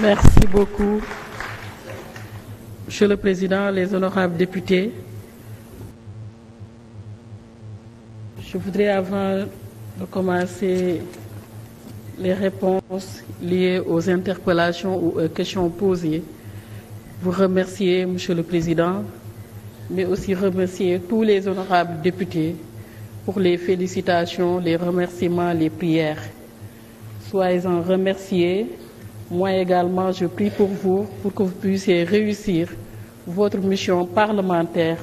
Merci beaucoup. Monsieur le Président, les honorables députés, je voudrais avant de commencer les réponses liées aux interpellations ou aux questions posées, vous remercier, Monsieur le Président, mais aussi remercier tous les honorables députés pour les félicitations, les remerciements, les prières. Soyez en remerciés Moi également, je prie pour vous, pour que vous puissiez réussir votre mission parlementaire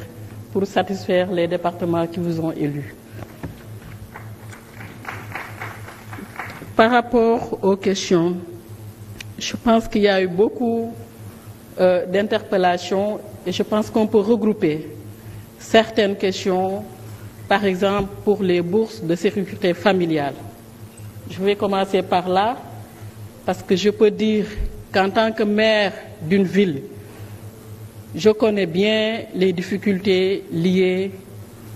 pour satisfaire les départements qui vous ont élus. Par rapport aux questions, je pense qu'il y a eu beaucoup euh, d'interpellations et je pense qu'on peut regrouper certaines questions, par exemple pour les bourses de sécurité familiale. Je vais commencer par là. parce que je peux dire qu'en tant que maire d'une ville, je connais bien les difficultés liées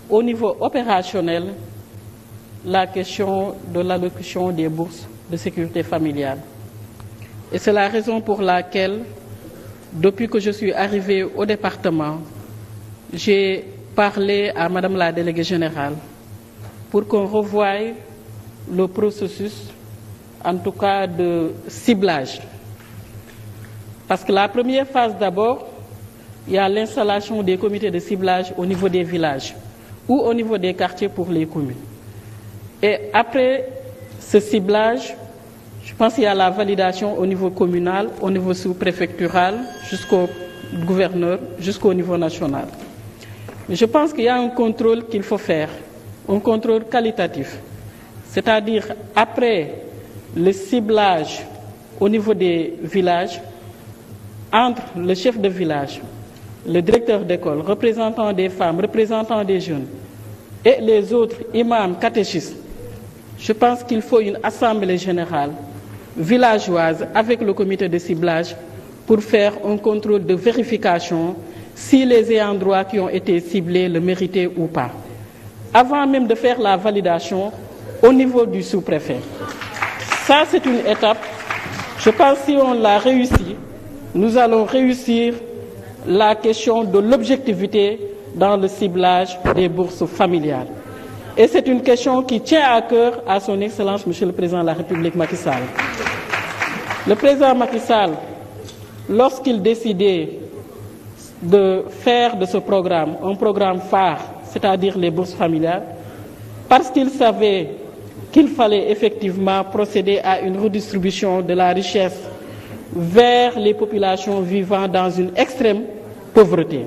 au niveau opérationnel, la question de l'allocution des bourses de sécurité familiale. Et c'est la raison pour laquelle, depuis que je suis arrivée au département, j'ai parlé à Madame la déléguée générale pour qu'on revoie le processus en tout cas de ciblage. Parce que la première phase d'abord, il y a l'installation des comités de ciblage au niveau des villages ou au niveau des quartiers pour les communes. Et après ce ciblage, je pense qu'il y a la validation au niveau communal, au niveau sous-préfectural, jusqu'au gouverneur, jusqu'au niveau national. Mais je pense qu'il y a un contrôle qu'il faut faire, un contrôle qualitatif. C'est-à-dire, après le ciblage au niveau des villages entre le chef de village, le directeur d'école, représentant des femmes, représentant des jeunes et les autres imams, catéchistes. Je pense qu'il faut une assemblée générale villageoise avec le comité de ciblage pour faire un contrôle de vérification si les ayants droit qui ont été ciblés le méritaient ou pas. Avant même de faire la validation au niveau du sous-préfet. Ça, c'est une étape. Je pense que si on l'a réussi, nous allons réussir la question de l'objectivité dans le ciblage des bourses familiales. Et c'est une question qui tient à cœur à son Excellence, Monsieur le Président de la République Macky Sall. Le Président Macky lorsqu'il décidait de faire de ce programme un programme phare, c'est-à-dire les bourses familiales, parce qu'il savait qu'il fallait effectivement procéder à une redistribution de la richesse vers les populations vivant dans une extrême pauvreté.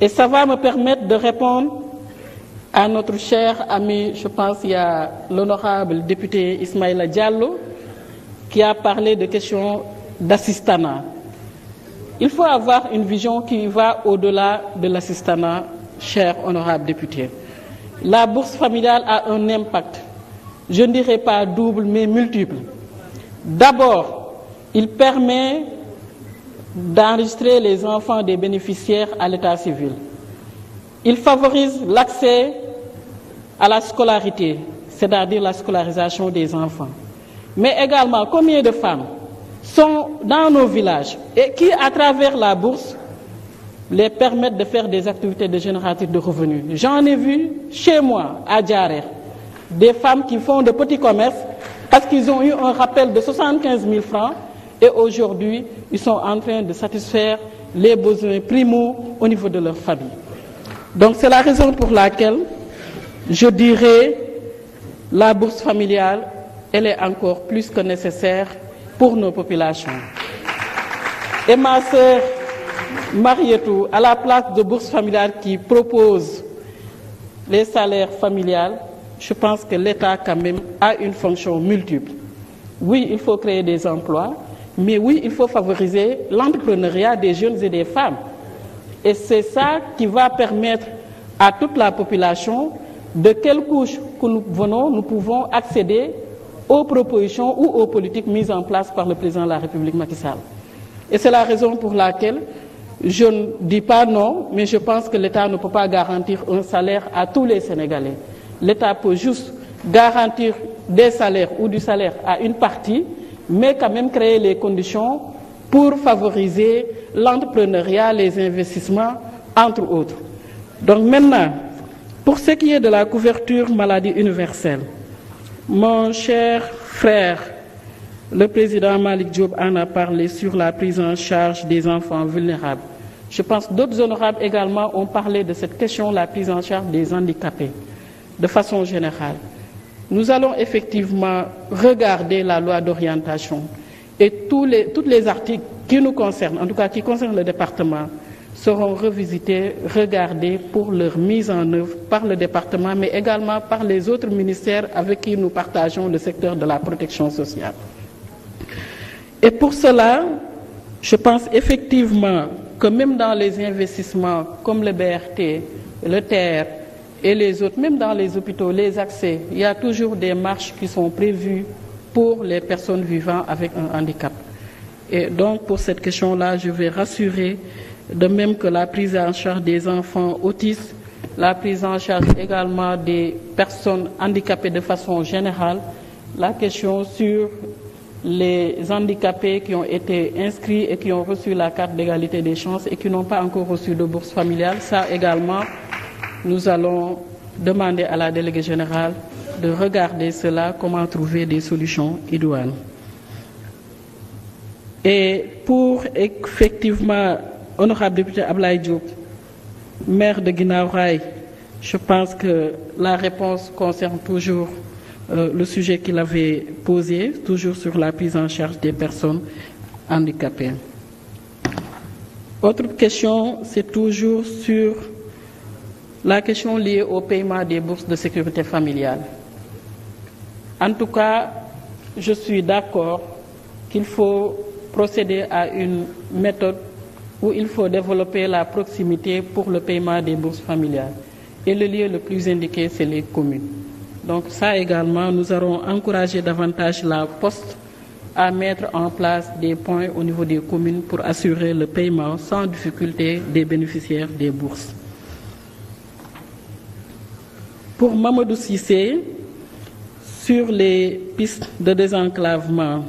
Et ça va me permettre de répondre à notre cher ami, je pense il y l'honorable député Ismaïla Diallo, qui a parlé de questions d'assistanat. Il faut avoir une vision qui va au-delà de l'assistanat, cher honorable député. La bourse familiale a un impact, je ne dirais pas double, mais multiple. D'abord, il permet d'enregistrer les enfants des bénéficiaires à l'état civil. Il favorise l'accès à la scolarité, c'est-à-dire la scolarisation des enfants. Mais également, combien de femmes sont dans nos villages et qui, à travers la bourse, les permettre de faire des activités de génératrices de revenus. J'en ai vu chez moi, à Djarer, des femmes qui font de petits commerces parce qu'ils ont eu un rappel de 75 000 francs et aujourd'hui, ils sont en train de satisfaire les besoins primaux au niveau de leur famille. Donc c'est la raison pour laquelle je dirais la bourse familiale, elle est encore plus que nécessaire pour nos populations. Et ma Marietou, à la place de bourses familiales qui proposent les salaires familiales, je pense que l'État quand même a une fonction multiple. Oui, il faut créer des emplois, mais oui, il faut favoriser l'entrepreneuriat des jeunes et des femmes. Et c'est ça qui va permettre à toute la population, de quelle couche que nous venons, nous pouvons accéder aux propositions ou aux politiques mises en place par le président de la République Macky Et c'est la Je ne dis pas non, mais je pense que l'État ne peut pas garantir un salaire à tous les Sénégalais. L'État peut juste garantir des salaires ou du salaire à une partie, mais quand même créer les conditions pour favoriser l'entrepreneuriat, les investissements, entre autres. Donc maintenant, pour ce qui est de la couverture maladie universelle, mon cher frère Le président Malik Diop en a parlé sur la prise en charge des enfants vulnérables. Je pense que d'autres honorables également ont parlé de cette question, la prise en charge des handicapés, de façon générale. Nous allons effectivement regarder la loi d'orientation et tous les, tous les articles qui nous concernent, en tout cas qui concernent le département, seront revisités, regardés pour leur mise en œuvre par le département, mais également par les autres ministères avec qui nous partageons secteur de la protection sociale. Et pour cela, je pense effectivement que même dans les investissements comme le BRT, le TER et les autres, même dans les hôpitaux, les accès, il y a toujours des marches qui sont prévues pour les personnes vivant avec un handicap. donc pour cette question-là, je vais rassurer, de même que la prise en charge des enfants autistes, la prise en charge également des personnes handicapées de façon générale, la question sur les handicapés qui ont été inscrits et qui ont reçu la carte d'égalité des chances et qui n'ont pas encore reçu de bourse familiale. Ça également, nous allons demander à la déléguée générale de regarder cela, comment trouver des solutions idoines. Et pour effectivement, honorable député Ablaï Diop, maire de Guinaouraï, je pense que la réponse concerne toujours euh, le sujet qu'il avait posé, toujours sur la prise en charge des personnes handicapées. Autre question, c'est toujours sur la question liée au paiement des bourses de sécurité familiale. En tout cas, je suis d'accord qu'il faut procéder à une méthode où il faut développer la proximité pour le paiement des bourses familiales. Et le lieu le plus indiqué, c'est les communes. Donc ça également, nous allons encourager davantage la poste à mettre en place des points au niveau des communes pour assurer le paiement sans difficulté des bénéficiaires des bourses. Pour Mamadou Sissé, sur les pistes de désenclavement,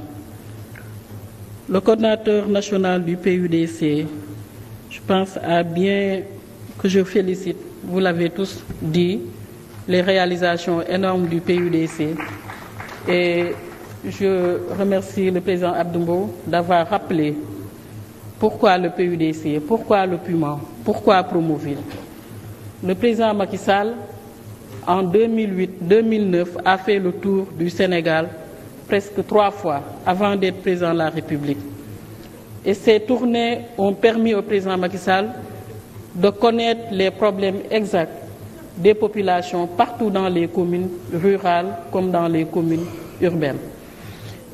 le coordinateur national du PUDC, je pense à bien que je félicite, vous l'avez tous dit, les réalisations énormes du PUDC. Et je remercie le président Abdoumbo d'avoir rappelé pourquoi le PUDC, pourquoi le PUMA, pourquoi Promoville. Le président Macky Sall, en 2008-2009, a fait le tour du Sénégal presque trois fois avant d'être président de la République. Et ces tournées ont permis au président Macky Sall de connaître les problèmes exacts des populations partout dans les communes rurales comme dans les communes urbaines.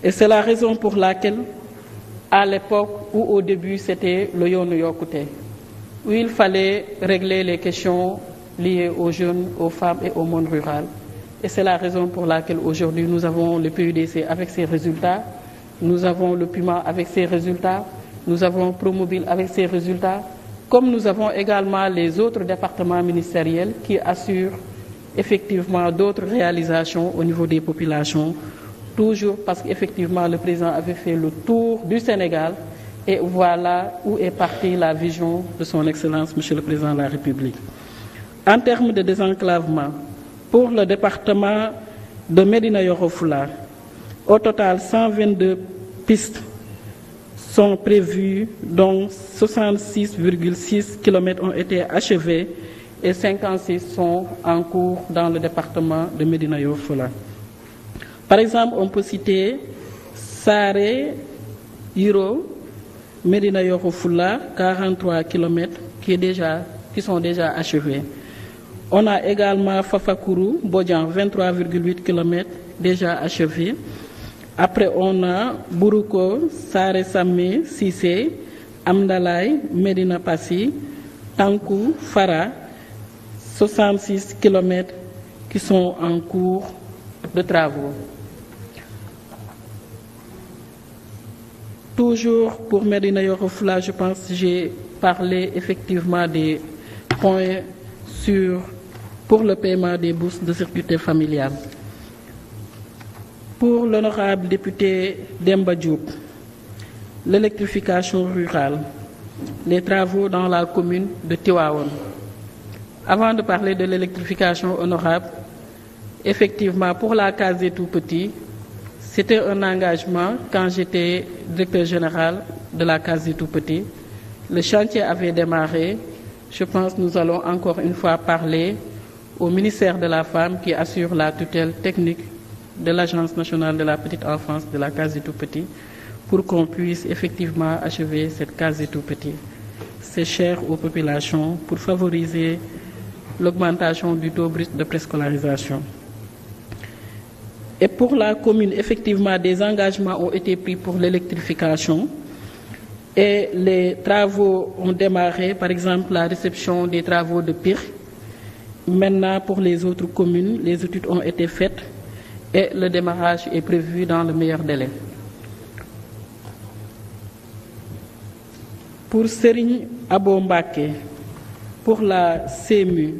Et c'est la raison pour laquelle, à l'époque où au début c'était le Yoonu Yokkute, où il fallait régler les questions liées aux jeunes, aux femmes et au monde rural. Et c'est la raison pour laquelle aujourd'hui nous avons le PUDC avec ses résultats, nous avons le PUMA avec ses résultats, nous avons Promobile avec ses résultats. comme nous avons également les autres départements ministériels qui assurent effectivement d'autres réalisations au niveau des populations, toujours parce qu'effectivement le président avait fait le tour Sénégal et voilà où est partie la vision de son Excellence, Monsieur le Président de la En termes de désenclavement, pour le département de Médina sont prévues, dont 66,6 km ont été achevés et 56 sont en dans le département de Médina Yofola. exemple, on peut citer Saré, Hiro, Médina Yofola, 43 km qui, est déjà, qui sont déjà achevés. On a Après, on a Buruko, Sare Samé, Sissé, Amdalay, Medina Passi, Tankou, Farah, 66 km qui sont en cours de travaux. Toujours pour Medina Yorofla, je pense j'ai parlé effectivement des points pour le paiement des bourses de sécurité familiale. Pour l'honorable député Demba Diop, l'électrification rurale, les travaux dans la commune de Tivaouane. Avant de parler de l'électrification honorable, effectivement, pour la case des tout-petits, c'était un engagement quand j'étais directeur général de la case des tout-petits. Le chantier avait démarré. Je pense que nous allons encore une fois parler au ministère de la Femme qui assure la tutelle technique de l'Agence nationale de la petite enfance de la case des tout-petits pour qu'on puisse effectivement achever cette case des tout-petits. C'est cher aux populations pour favoriser l'augmentation du taux brut de préscolarisation. Et pour la commune, effectivement, des engagements ont été pris pour l'électrification et les travaux ont démarré, par exemple la réception des travaux de Pire. Maintenant, pour les autres communes, les études ont été faites et le démarrage est prévu dans le meilleur délai. Pour Serigne Abo Mbacké, pour la CMU,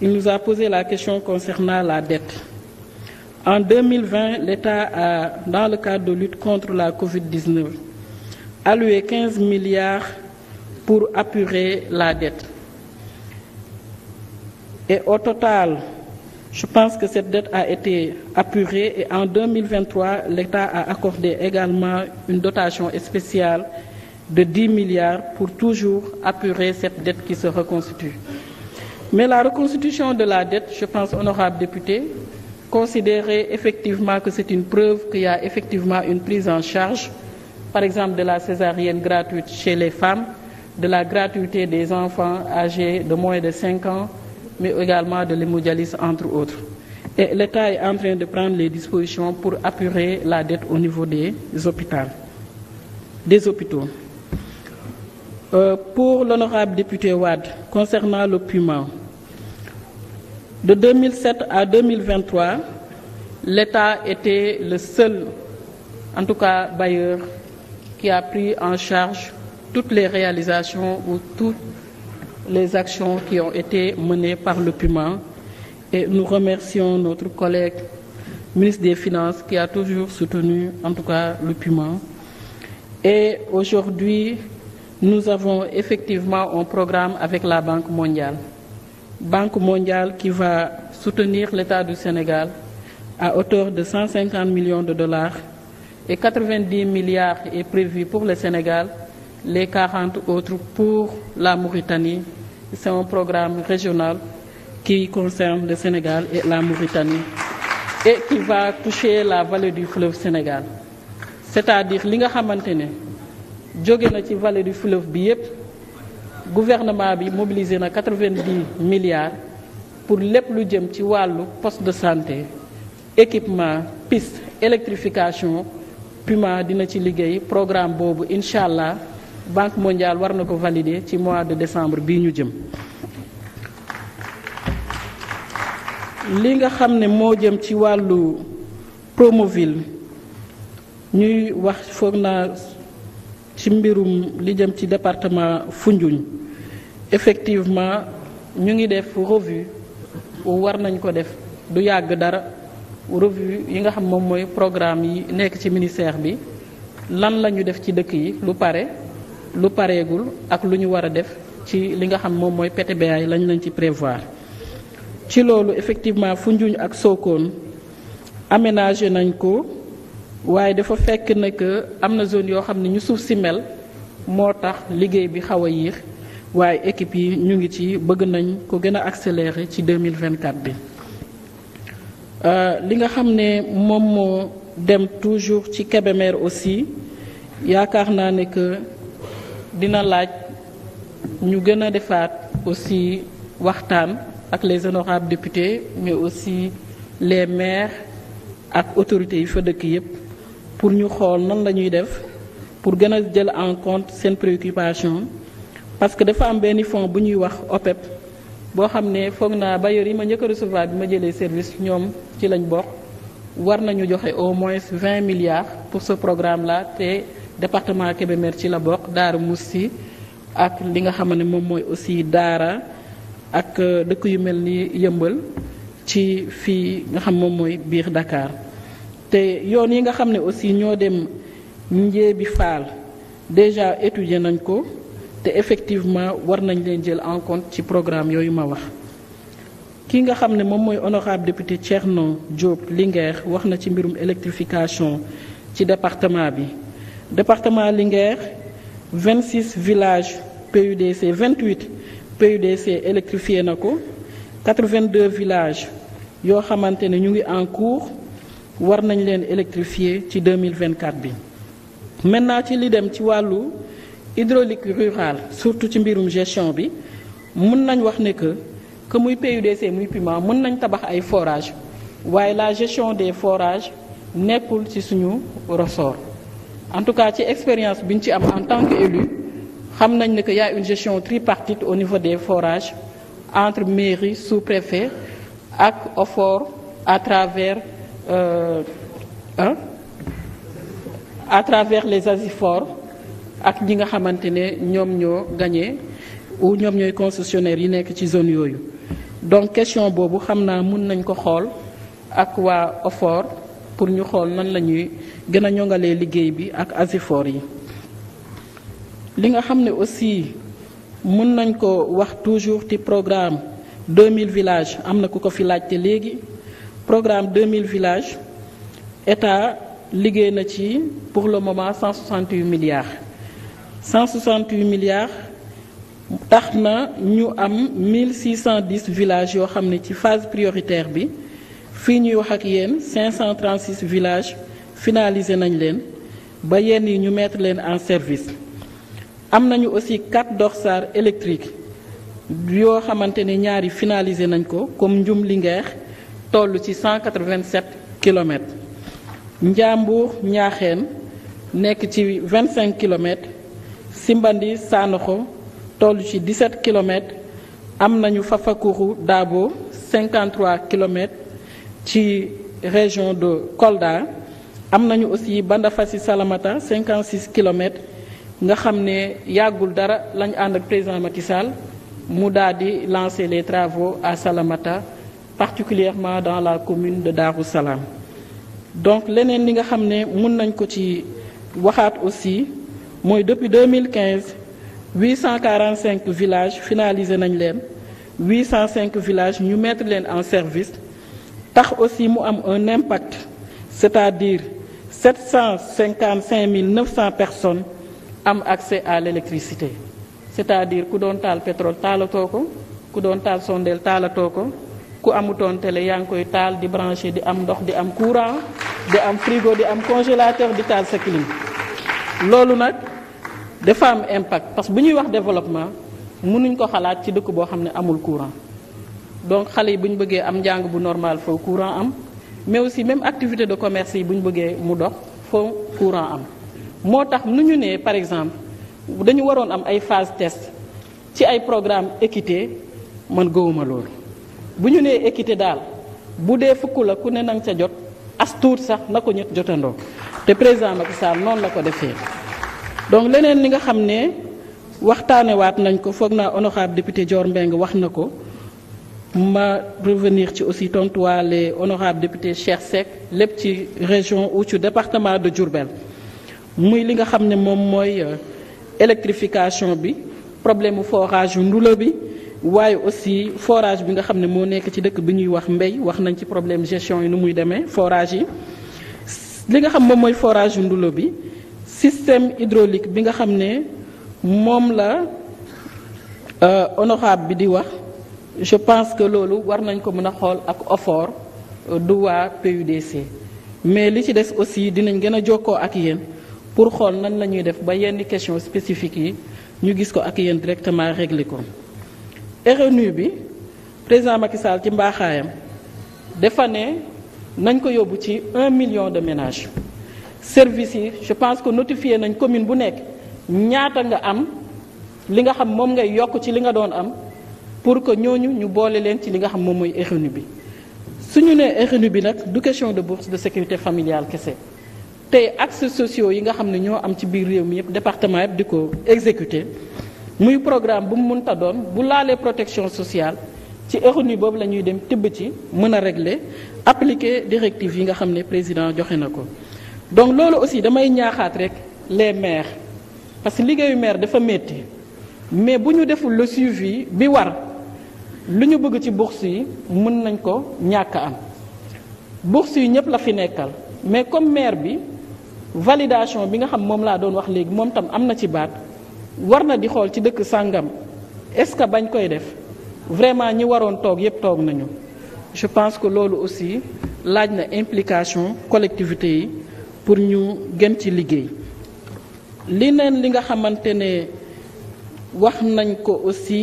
il nous a posé la question concernant la dette. En 2020, l'État a, dans le cadre de lutte contre la Covid-19, alloué 15 milliards pour apurer la dette. Et au total, Je pense que cette dette a été apurée et en 2023, l'État a accordé également une spéciale de 10 milliards pour toujours apurer cette dette qui se Mais la reconstitution de la dette, je pense, honorable député, considérer effectivement que c'est une preuve qu'il une prise en charge, par exemple de la césarienne gratuite chez les femmes, de la gratuité des enfants âgés de moins de 5 mais également de l'hémodialyse, entre autres. Et l'État de prendre les dispositions pour apurer la dette au niveau des hôpitaux. Des hôpitaux. Euh, pour l'honorable député Wade, concernant le piment, de 2007 à 2023, l'État était le seul, en tout cas bailleur, qui en charge toutes les réalisations ou les actions qui ont par le PUMA et nous remercions notre des Finances qui a toujours soutenu en tout cas le PUMA. Et aujourd'hui, nous avons effectivement un programme avec la Banque mondiale. Banque mondiale qui va soutenir l'État Sénégal à hauteur de 150 millions de dollars et 90 milliards est prévu pour le Sénégal, les 40 autres la Mauritanie C'est un programme régional qui concerne le Sénégal et la Mauritanie et qui va toucher la vallée du fleuve Sénégal c'est-à-dire li nga xamante ne jóge na ci vallée du fleuve bi yépp gouvernement bi mobilisé na quatre-vingt-dix milliards pour lépp lu jëm ci wàllu poste de santé équipement piste électrification Puma dina ci liggéey programme boobu incha allah banque mondiale war na ko valider ci mois de décembre bii ñu jëm li nga xam ne moo jëm ci wàllu Promoville ñuy wax foog naa ci mbirum li jëm ci département Foundiougne effectivement ñu ngi def revue war nañ ko def du yàgg dara revue yi nga xam moom mooy programme yi nekk ci ministère bi lan lañu def ci dëkk yi lu pare lu pareegul ak lu ñu war a def ci li nga xam moom mooy PTBA yi lañ lañ ci prévoir ci loolu effectivement Foundiougne ak sookoon aménagé nañ ko waaye dafa fekk ne am na zone yoo xam ne ñu suuf si mel moo tax liggéey bi xaw a yéex waaye équipe yi ñu ngi ci bëgg nañ ko gën a accélérer ci 2024 bi euh, li nga xam ne moom moo dem toujours ci Kébémer aussi yaakaar naa ne que dina laaj ñu gën a defaat aussi waxtaan ak les honorables députés mais aussi les maires ak autorités yi fa dëkk yépp pour ñu xool nan la ñuy def pour gën a jël en compte seen préoccupation parce que dafa am benn fonds bu ñuy wax OPEP boo xam ne foog naa bailleurs yi ma njëkk a bi ma jëlee service ñoom ci lañ bokk war nañu joxe au moins vingt milliards pour ce programme là te département Kébémer ci la bokk Daara Moussi ak li nga xam ne moom mooy aussi Daara ak euh, dëkk yu mel ni yëmbal ci fii nga xam moom mooy biir Dakar te yoon yi nga xam ne aussi ñoo dem Njéebi Faal déjà étudier nañ ko te effectivement war nañ leen jël en ci programme yooyu ma wax. ki nga xam ne moom mooy honorable député Thierno Diop Linguère wax na ci mbirum électrification ci département bi. département Linguère 26 villages PUDC 28 PUDC électrifié na ko 82 villages yoo xamante ne ñu ngi en cours war nañ leen électrifier ci 2024 bi. maintenant ci li dem ci wàllu hydraulique rurale surtout ci mbirum gestion bi mun nañ wax ne que que muy PUDC muy PUMA mën nañ tabax ay forage waaye la gestion des forage nekkul ci suñu ressort. en tout cas ci expérience bi ñu ci am en tant que élu xam nañ ne que y a une gestion tripartite au niveau des forage entre mairie sous-préfet ak OFOR à travers euh, hein, à travers les asifor ak ñi nga xamante ne ñoom ñoo gagné ou ñoom ñooy concessionnaires yi nekk ci zone yooyu donc question boobu xam naa mun nañ ko xool ak waa OFOR pour ñu xool nan la ñuy gën a ñoŋalee liggéey bi ak asifor yi li nga xam ne aussi mën nañ ko wax toujours ci programme 2000 villages am na ku ko fi laajte léegi programme 2000 villages état liggéey na ci pour le moment 168 milliards 168 milliards tax na ñu am 1610 villages yoo xam ne ci phase prioritaire bi fii ñuy wax ak yéen 536 villages finalisé nañ leen ba yenn yi ñu mettre leen en service am nañu aussi quatre dorsales électriques yoo xamante ne ñaari finalisé nañ ko comme Ndioum Linguère toll ci 187 kilomètres Njàmbur Ñaaxeen nekk ci 25 kilomètres Simbandi Sanoxo toll ci 17 kilomètres am nañu Fafakuru Dabo 53 kilomètres ci région de Kolda am nañu aussi Bandafassi Salamata 56 kilomètres nga xam ne yàggul dara lañ ànd ak président Macky mu dal di lancer les travaux à Salamata particulièrement dans la commune de Darou Salam donc leneen li nga xam ne mën nañ ko ci waxaat aussi mooy depuis 2015 845 villages finalisé nañ leen 805 villages ñu mettre leen en service tax aussi mu am un impact c'est-à-dire 755 900 personnes am accès à l'électricité c'est-à-dire ku doon taal pétrole taalatoo ko ku doon taal sondeel taalatoo ko ku amu télé yaa ngi koy taal di branché di am ndox di am courant di am frigo di am congélateur di taal sa clim loolu nag dafa am impact parce que bu ñuy wax développement mënuñ ko xalaat ci dëkk boo xam ne amul courant donc xale yi bu ñu bëggee am njàng bu normal foo courant am mais aussi même activité de commerce yi bu ñu bëggee mu dox foo courant am moo tax nu ñu nee par exemple dañu waroon am ay phase test ci ay programme équité man gowuma loolu bu ñu nee équité daal bu dee fukk ku ne nag ca jot as sax na ko ñett jotandoo te président Macky Sall noonu la ko defee donc leneen li nga xam ne waxtaanewaat nañ ko foog naa honorable député Dior Mbengue wax na ko ma revenir ci aussi tontuwaale honorable député Cheikh Seck lépp ci région ou ci département de Diourbel muy li nga xam ne moom mooy euh, électrification bi problème mu forage yu ndula bi waaye aussi forage bi nga xam ne moo nekk ci dëkk bi ñuy wax mbay wax nañ ci problème gestion yi nu muy demee forage yi li nga xam moom mooy forage yu ndula bi système hydraulique bi nga xam ne moom la euh, honorable bi di wax je pense que loolu war nañ ko mën a xool ak OFOR euh, du waa PUDC mais li ci des aussi dinañ gën a jokkoo ak yéen pour xool nan la ñuy def ba yenn question spécifique yi ñu gis ko ak yéen directement réglé ko. RNU bi président Macky ci mbaaxaayam defa ne nañ ko yóbbu ci un million de ménage service yi je pense que notifié nañ commune bu nekk ñaata nga am li nga xam moom ngay yokk ci li nga doon am. pour que ñooñu ñu boole leen ci li nga xam moom mooy RNU bi suñu nee RNU bi nag du question de bourse de sécurité familiale kese tey axes sociaux yi nga xam ne ñoo am ci biir réew mi yëpp département yëpp di ko exécuter muy programme bu mu mënta doon bu laalee protection sociale ci RNU boobu la ñuy dem tibb ci mën a régler appliquer directive yi nga xam ne président joxe na ko donc loolu aussi damay ñaaxaat rek les maires parce que liggéeyu maire dafa métti mais bu ñu deful le suivi bi lu ñu bëgg ci bourse yi mën nañ ko ñàkk am bourse yi ñëpp la fi nekkal mais comme maire bi validation bi nga xam moom laa doon wax léegi moom tam am na ci baat war na di xool ci dëkk sàngam est-ce que bañ koy def vraiment ñi waroon toog yépp toog nañu je pense que loolu aussi laaj na implication collectivité yi pour ñu gën ci liggéey li neen li nga xamante ne wax nañ ko aussi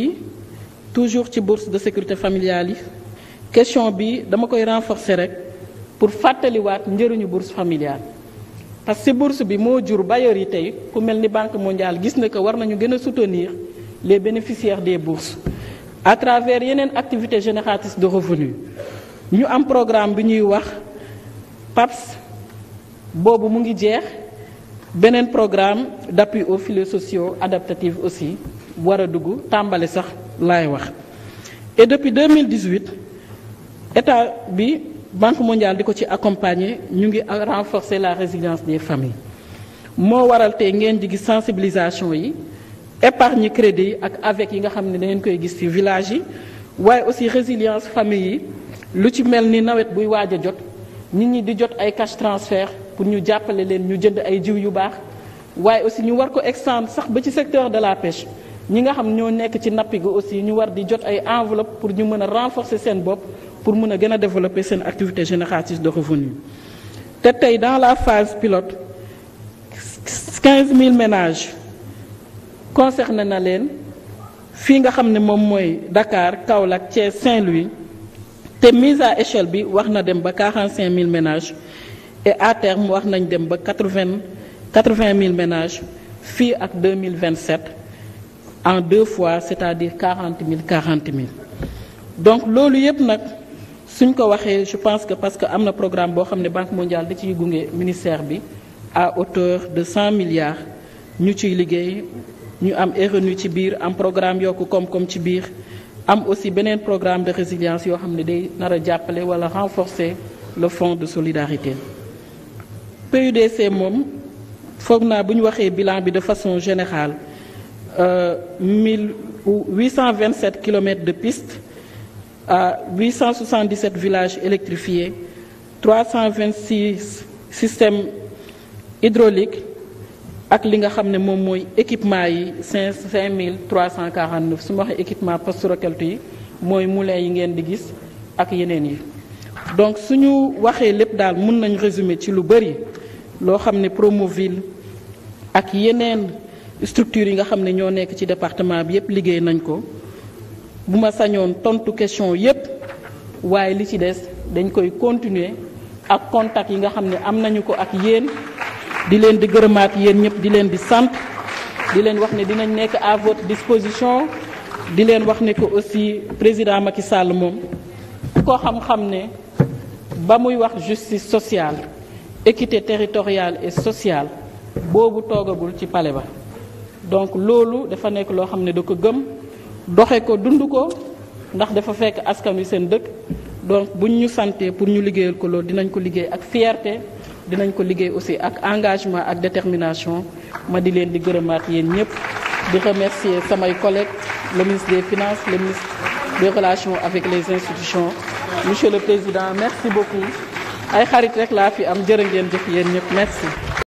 toujours ci bourse de sécurité familiale question bi dama koy renforcé rek pour fàttaliwaat njëriñu bourse familiale parce que bourse bi moo jur bailleurs yi tey ku mel ni banque mondiale gis na ko war nañu gën a soutenir les bénéficiaires des bourses à travers yeneen activité génératrice de revenu ñu am programme bi ñuy wax PAPS boobu mu ngi jeex beneen programme d'appui aux filets sociaux adaptatifs aussi war a dugg tàmbali sax laay wax et depuis 2018 état bi banque mondiale di ko ci accompagner ñu ngi renforcer la résilience des famille moo waral te ngeen di gis sensibilisation yi épargne crédit ak avec yi nga xam ne da ngeen koy gis ci village yi waaye aussi résilience famille yi lu ci mel ni nawet buy waaj a jot nit ñi di jot ay cash transfert pour ñu jàppale leen ñu jënd ay jiw yu baax waaye aussi ñu war ko extendre sax ba ci secteur de la pêche ñi nga xam ñoo nekk ci nappi gi aussi ñu war di jot ay enveloppe pour ñu mën a renforcer seen bopp pour mën a gën a développer seen activité génératrice de revenu te tey dans la phase pilote 15000 ménages concerné na leen fii nga xam ne moom mooy Dakar Kaolack Thiès Saint-Louis te mise à échelle bi wax na dem ba 45000 ménages et à terme wax nañ dem ba 80 80000 ménages fii ak 2027 en deux fois c'est-à-dire quarante mille quarante mille donc loolu yëpp nag suñ ko waxee je pense que parce que am na programme boo xam ne banque mondiale da ciy gunge ministère bi à hauteur de cent milliards ñu ciy liggéey ñu am RNU ci biir am programme yokku koom-koom ci biir am aussi beneen programme de résilience yoo xam ne day nar a jàppale wala renforcer le fonds de solidarité PUDC moom foog naa bu ñu waxee bilan bi de façon générale mille ou 827 kilomètres de pistes à 877 villages électrifiés, 326 systèmes hydrauliques ak li nga xam ne moom mooy équipement yi 5 5349 su ma waxee équipement poste récolte yi mooy moulin yi ngeen di gis ak yeneen yi donc suñu waxee lépp daal mën nañ résumer ci lu bëri loo xam ne Promoville ak yeneen structure yi nga xam ne ñoo nekk ci département bi yépp liggéey nañ ko bu ma sañoon tontu question yépp waaye li ci des dañ koy continuer ak contact yi nga xam ne am nañu ko ak yéen di leen di gërëmaat yéen ñëpp di leen di sant di leen wax ne dinañ nekk à votre disposition di leen wax ne ko aussi président Macky Sall moom ko xam-xam ne ba muy wax justice sociale équité territoriale et sociale boobu toogagul ci pale ba donc loolu dafa nekk loo xam ne da ko gëm doxe ko dund ko ndax dafa fekk askan wi seen dëkk donc buñ ñu santee pour ñu liggéeyal ko loolu dinañ ko liggéey ak fierté dinañ ko liggéey aussi ak engagement ak détermination ma di leen di gërëmaat yéen ñëpp di remercier samay collègues le ministre des finances le ministre des relations avec les institutions monsieur le président merci beaucoup ay xarit rek laa fi am jërë ngeen jëf yéen ñëpp merci